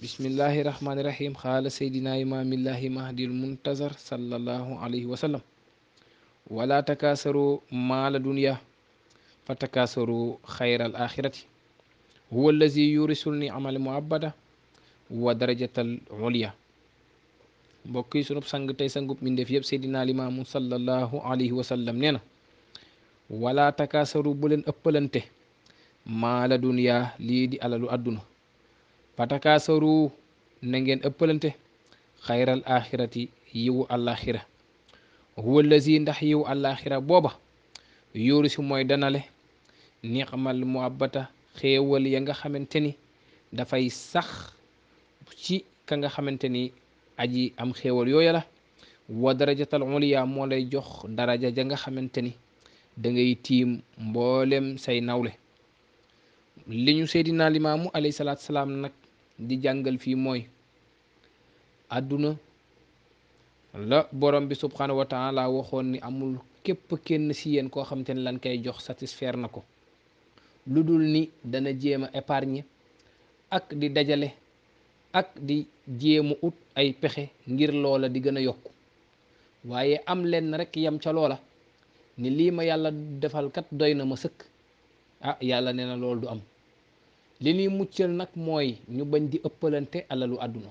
bismillahi rahmaani rahim xaala saydina imaamillahi mahdil muntazar sallallahu alayhi wa sallam wala maala dunya fa takaasaro xayral axirati huwa allazi yurisul ni amal muabada wa yi sunub sang tey sangub mbindeef yëpp seydina limaamu sallallahu alayhi wa sallam nee takaasaru bu ëppalante maala dunya lii alalu àdduna fatakaasaru na ngeen ëppalante xayral axirati yiwu àllaaxira huwa lazi ndax yiwu àllaaxira booba yóoru si mooy danale nixmal muabbata xéewal ya nga xamante ni dafay sax ci ka nga xamante ni aji am xéewal yooya la wa darajatal uliya moo lay jox daraja ja nga xamante ni da tiim mboolem say nawle li ñu seydinaa limaamu alayhi salaam di jangal fii moy aduna la borom bi subhanahu wa taala waxon ni amul kep kenn si yéen ko xamanteni lan kay jox satisfaire nako ludul ni dana jema a ak di dajale ak di jema ut ay pexé ngir lola di gëna yok waye waaye am len rek yam ca lola ni lima ma defal kat doyna ma seuk ah yalla neena lolou du am li ñuy muccal nag mooy ñu bañ di ëppalante alalu àdduna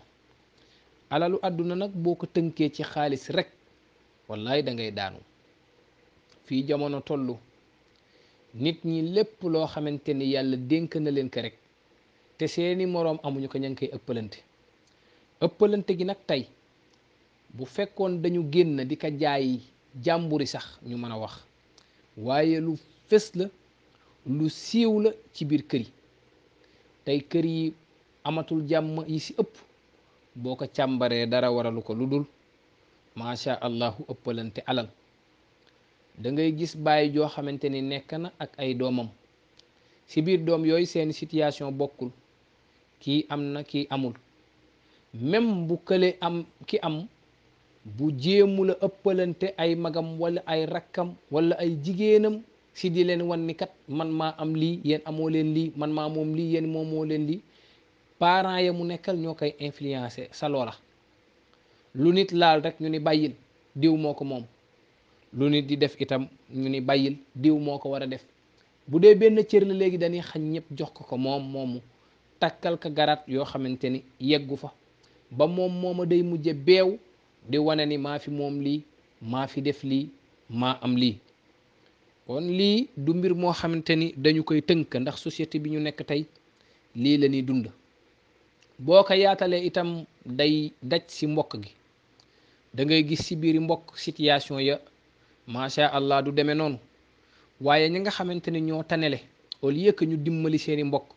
alalu àdduna nag boo ko tënkee ci xaalis rekk wallaay dangay daanu fii jamono tollu nit ñi lépp loo xamante ni yàlla dénk na leen ko rek te seeni moroom amuñu ko ña koy ëppalante ëppalante gi nag tey bu fekkoon dañu génn di ko jaayi jàmburi sax ñu mën a wax waaye lu fës la lu siiw la ci biir kër yi tey kër yi amatul jàmm yi si ëpp boo ko càmbaree dara waralu ko lu dul macha allahu ëppalante alal da ngay gis bàyyi joo xamante ni nekk na ak ay doomam ci biir doom yooyu seen situation bokkul kii am na ki amul même bu kële am ki am bu jéemu la ëppalante ay magam walla ay rakkam walla ay jigéenam si di leen wan ni kat man maa am lii yéen amoo leen lii man maa moom lii yéen moom moo leen lii parent ya mu nekkal ñoo koy influencer sa la lu nit laal rek ñu ni bàyyil diw moo ko moom lu nit di def itam ñu ni bàyyil diw moo ko war a def bu dee benn cër la léegi dañuy xañ ñëpp jox ko ko moom moomu takkal ko garaat yoo xamante ni yeggu fa ba moom mooma day mujje beew di wane ni maa fi moom lii maa fi def lii maa am lii kon lii du mbir moo xamante ni dañu koy tënk ndax societé bi ñu nekk tey lii la ñuy dund boo ko yaatalee itam day daj si mbokk gi dangay gis ci biir mbokk situation ya macha allah du demee noonu waaye ñi nga xamante ni ñoo tanele au lieu ñu dimmali seeni mbokk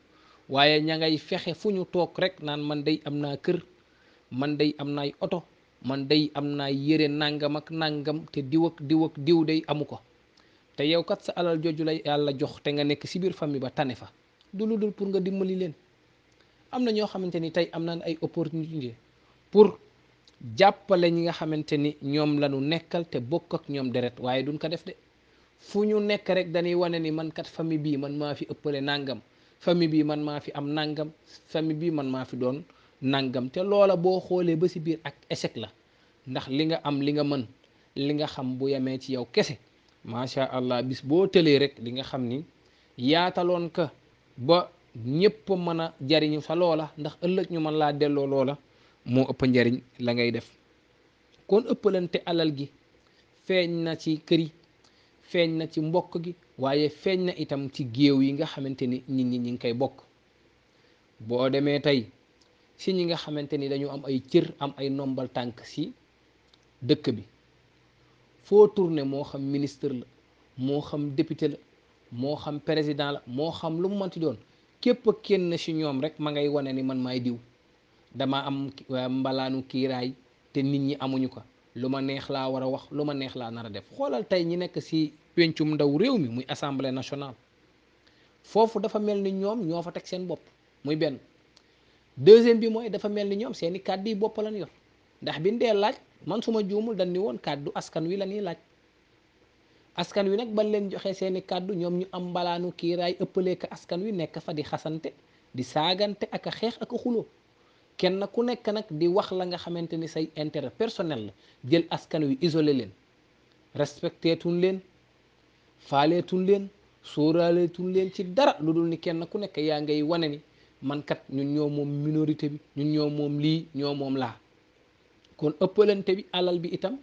waaye ña ngay fexe fu ñu toog rekk naan man day am naa kër man day am naay oto man day am naa yére nangam ak nangam te diw ak diw ak diw day amu ko. te yow kat sa alal jooju la yàlla jox te nga nekk si biir famille ba tane fa du lu dul pour nga dimbali leen am na ñoo xamante ni tey am naan ay opportunité pour jàppale ñi nga xamante ni ñoom la ñu nekkal te bokk ak ñoom deret waaye duñ ko def de fu ñu nekk rek dañuy wane ni mankat kat famille bii man maa fi ëppale nangam famille bii man maa fi am nangam famille bii man maa fi doon nangam te loola boo xoolee ba si biir ak échec la ndax li nga am li nga mën li nga xam bu yemee ci yow kese. macha allah bis boo tëlee rek di nga xam ni yaataloon ka ba ñëpp mën a jariñu sa loola ndax ëllëg ñu mën laa delloo loola moo ëpp njariñ la ngay def kon ëppalante alal gi feeñ na ci kër yi feeñ na ci mbokk gi waaye feeñ na itam ci géew yi nga xamante ni nit ñi ñi ngi koy bokk boo demee tey si ñi nga xamante ni dañu am ay cër am ay nombal tànk si dëkk bi foo Moham moo xam ministre la moo xam député la moo xam président la moo xam lu mu mënti doon képp kenn si ñoom rek ma ngay wane ni man maay diw dama am mbalaanu kiiraay te nit ñi amuñu ko lu ma neex laa war a wax lu neex laa nar def xoolal tey ñi nekk si pencum ndaw mi muy assemblée nationale dafa ñoom seen muy deuxième bi dafa ñoom lañ yor ndax biñ dee laaj man suma juumul dañ ni woon kàddu askan wi la ñuy laaj askan wi nag ban leen joxe seeni kàddu ñoom ñu am kiiraay ëppalee ka askan wi nekk fa di xasante di saagante ak a xeex ak a xuloo kenn ku nekk nag di wax la nga xamante ni say intérêt personnel la jël askan wi isolé leen respecteetun leen faaleetun leen sóoraaleetun leen ci dara lu dul ni kenn ku nekk yaa ngay wane ni man kat ñun ñoo moom minorité bi ñun ñoo moom lii ñoo moom laa kon ëppalante bi alal bi itam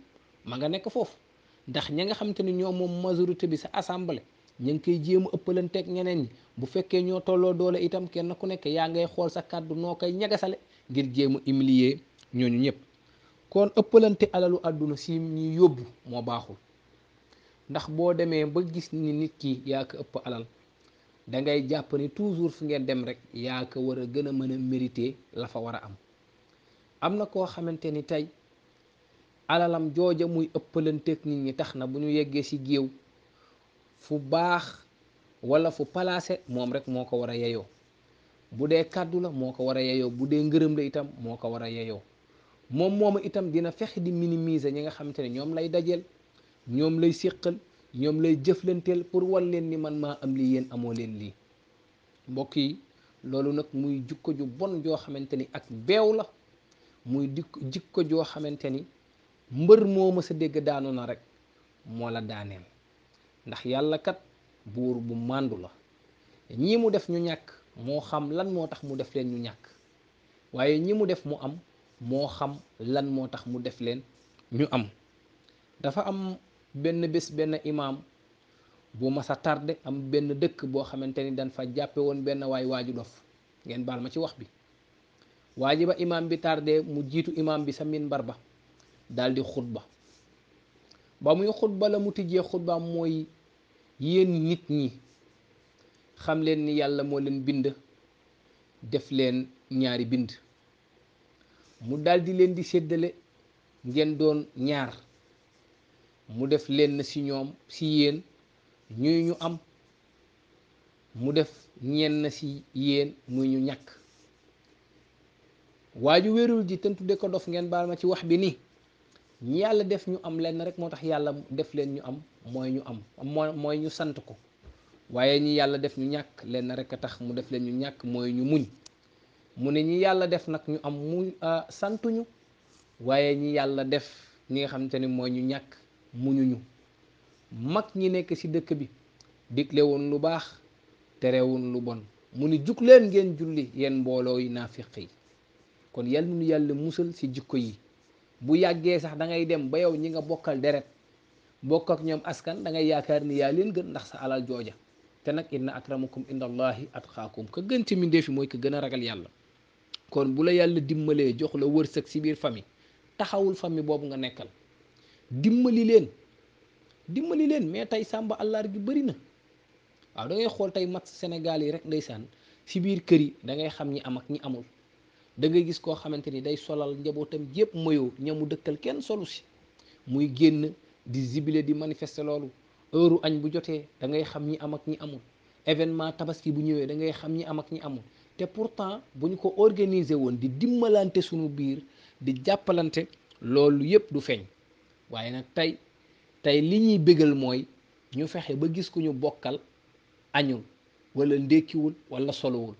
ma nga nekk foofu ndax ña nga xamante ni ñoo moom majorité bi sa assemble ña ngi koy jéem a ëppalanteeg ñeneen ñi bu fekkee ñoo tolloo doole itam kenn ku nekk yaa ngay xool sa kàddu noo koy ñagasale ngir jéem a humilier ñooñu ñëpp kon ëppalante alalu àdduna si ñuy yóbbu moo baaxul ndax boo demee ba gis ni nit ki yaa ko ëpp alal da ngay jàpp ni toujours fi ngeen dem rek yaa ko war a gën a mën a mérité la fa war a am am na koo xamante ni tey alalam jooja muy ëppalanteeg nit ñi tax na bu ñu yeggee ci géew fu baax wala fu palaase moom rek moo ko war a yeyoo bu dee kàddu la moo ko war a yeyoo bu dee ngërëm la itam moo ko war a yeyoo moom moom itam dina fexe di minimiser ñi nga xamante ne ñoom lay dajeel ñoom lay séqal ñoom lay jëflanteel pour wan leen ni man maa am lii yéen amoo leen lii mbokk yi loolu nag muy jukko ju bon joo xamante ni ak beew la muy dikk jikko joo xamante ni mbër moo mës a dégg daanu na rek moo la daaneel ndax yàlla kat buur bu màndu la ñi mu def ñu ñàkk moo xam lan moo tax mu def leen ñu ñàkk waaye ñi mu def mu am moo xam lan moo tax mu def leen ñu am dafa am benn bés benn imaam bu mas a tarde am benn dëkk boo xamante ni dañ fa jàppe woon benn waay waaju dof ngeen baal ma ci wax bi waa ji ba imaam bi tardé mu jiitu imaam bi sa minbar ba daldi di xutba ba muy xutba la mu tijjee xutbaam mooy yéen nit ñi xam leen ni yàlla moo leen bind def leen ñaari bind mu daldi leen di séddale ngeen doon ñaar mu def leen ci ñoom ci yéen ñuy ñu am mu def ñenn ci yéen muy ñu ñàkk waa ju wérul ji ten tudde ko dof ngeen baal ma ci wax bi ni ñi yàlla def ñu am lenn rek moo tax yàlla def leen ñu am mooy ñu am mooy ñu sant ko waaye ñi yàlla def ñu ñàkk lenn rek a tax mu def leen ñu ñàkk mooy ñu muñ mu ne ñi yàlla def nag ñu am mu santuñu waaye ñi yàlla def ñi nga xamante ni mooy ñu ñàkk muñuñu mag ñi nekk ci dëkk bi digle lu baax tere lu bon mu ne jug ngeen julli yéen mbooloo yi naafiq yi kon yalla nu yalla musul si jikko yi bu yagge sax da ngay dem ba yow ñi nga bokal deret bokk ak ñom askan da ngay yaakar ni yalla leen gën ndax sa alal jojja te nak inna akramakum indallahi atqakum ke gën ci minde fi moy ke gëna ragal yalla kon bu la yalla dimbalé jox la wërsek ci biir fami taxawul fami bobu nga nekkal dimbali leen dimbali leen mais tay samba allah gi bari na waaw da ngay xol tay mat senegal yi rek ndeysaan ci biir kër yi da ngay xam ñi am ak ñi amul da ngay gis koo xamante ni day solal njabootam yépp mayoo ñamu dëkkal kenn solu si muy génn di zibilé di manifester loolu heure añ bu jotee dangay xam ñi am ak ñi amul événement tabaski bu ñëwee dangay xam ñi am ak ñi amul te pourtant bu ñu ko organiser woon di dimmalante suñu biir di jàppalante loolu yépp du feeñ waaye nag tey tey li ñuy bégal mooy ñu fexe ba gis ku ñu bokkal añul wala ndékkiwul wala soluwul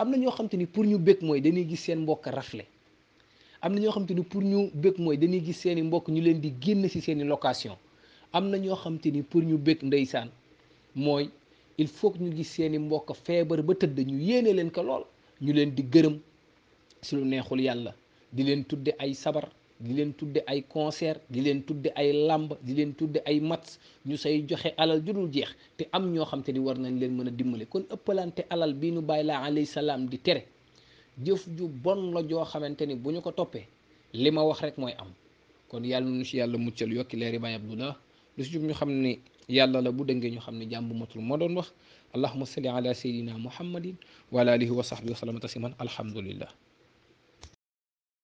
am na ñoo xam te ni pour ñu bëgg mooy dañuy gis seen mbokk rafle am na ñoo xam te ni pour ñu bëgg mooy dañuy gis seen i mbokk ñu leen di génn ci seeni location am na ñoo xam te ni pour ñu bëgg ndeysaan mooy il faut ñu gis seen i mbokk feebar ba tëdd ñu yéene leen ko lool ñu leen di gërëm si lu neexul yàlla di leen tudde ay sabar di len tudde ay concert di len tudde ay làmb di len tudde ay match ñu say joxe alal jurul jeex te am ño xamanteni war nañ len mëna dimbale kon ëppalante alal bi nu bayla alayhi salam di tere jëf ju bon la jo xamanteni buñu ko topé lima wax rek moy am kon yàlla nu ci yàlla muccël yokki leeri bay abdullah lu ci jub ñu xamni yàlla la bu dëngé ñu xamni jàmm matul mo doon wax allahuma salli ala sayidina muhammadin wa ala alihi wa sahbihi wa sallam tasliman alhamdulillah